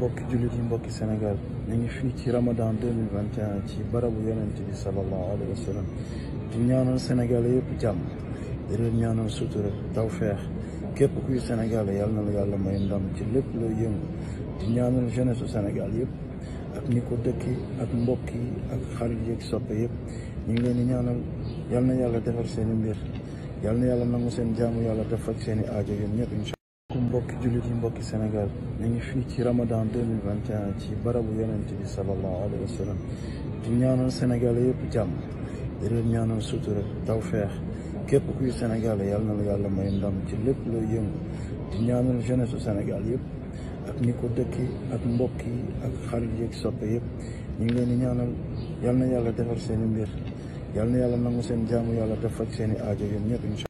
mbokki jullit yi mbokki Sénégal ñu ngi fii ci Ramadan 2021 ci barabu yonent bi sallallahu alayhi wa sallam di ñaanal Sénégal yëpp jàmm di leen ñaanal sutura tawfeex képp kuy Sénégal yàlla na la yàlla may ndam ci lépp looy yëngu di ñaanal jeunesse su Sénégal yëpp ak ñi ko dëkki ak mbokk yi ak xarit yi ak soppe yëpp ñu ngi leen di ñaanal yàlla na yàlla defar seen i mbir yàlla na yàlla nangu seen jaamu yàlla def ak seen i aajo yéen ñëpp mbokki jullit yi mbokki Sénégal ñu ngi fii ci Ramadan 2021 ci barabu yonent bi sallallahu alayhi wa sallam di yëpp jàmm di leen ñaanal sutura tawfeex képp kuy Sénégal yàlla na la yàlla may ndam ci lépp looy yëngu di ñaanal jeunesse su yëpp ak ñi ko dëkki ak mbokk ak xarit yi ak soppe yëpp ñu ngi leen di ñaanal yàlla na yàlla defar seen i mbir yàlla na yàlla nangu seen jaamu yàlla def ak seen i aajo yéen